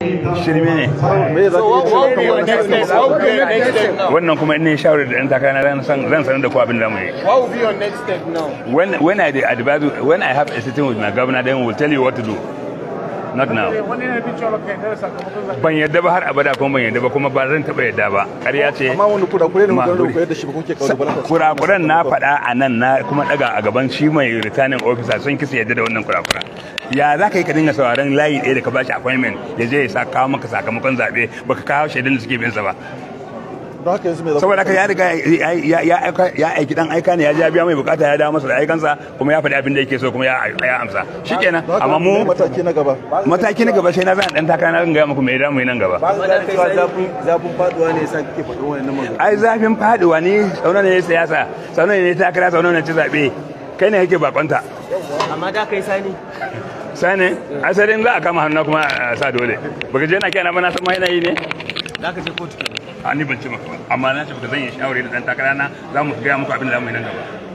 wannan kuma in ne shawarar da ɗan takana ran sanar da ku abin da mu yi what will be your next step now when when i advise when i have a sitting with my governor then we'll tell you what to do not now ban yadda ba har abada kuma ban yadda ba kuma ba zan taba yadda ba ƙarya ce amma wani kurakure ne mutum koyar da shi ba kuke kawo kurakuren na faɗa a nan na kuma daga a gaban shi mai returning officer sun kisa yadda da wannan kurakura ya za ka yi ka dinga sauraron layi ɗaya da ka bashi appointment ya je ya sa kawo maka sakamakon zaɓe baka kawo shaidan da suke bin sa ba don haka yanzu me saboda haka ya riga ya aiki dan aika ne ya ji ya biya mai bukata ya dawo masa da aikansa kuma ya faɗi abin da yake so kuma ya amsa shikenan amma mu mataki na gaba mataki na gaba sai na zan dan takara na zan ga muku me da mu nan gaba zafin faduwa ne yasa kike faɗin wannan magana ai zafin faduwa ne tsaunan ne siyasa tsaunan ne takara tsaunan ne ci zabe kai ne yake bakonta amma da kai sani sani a asalin za a kama hannu kuma sa dole baka je na kyana ba na san ma yana yi ne za ka je kotu kenan a ni ban ce maka ba amma na ce baka zan yi shawari da dan takara na za mu gaya muku abin da za mu yi nan gaba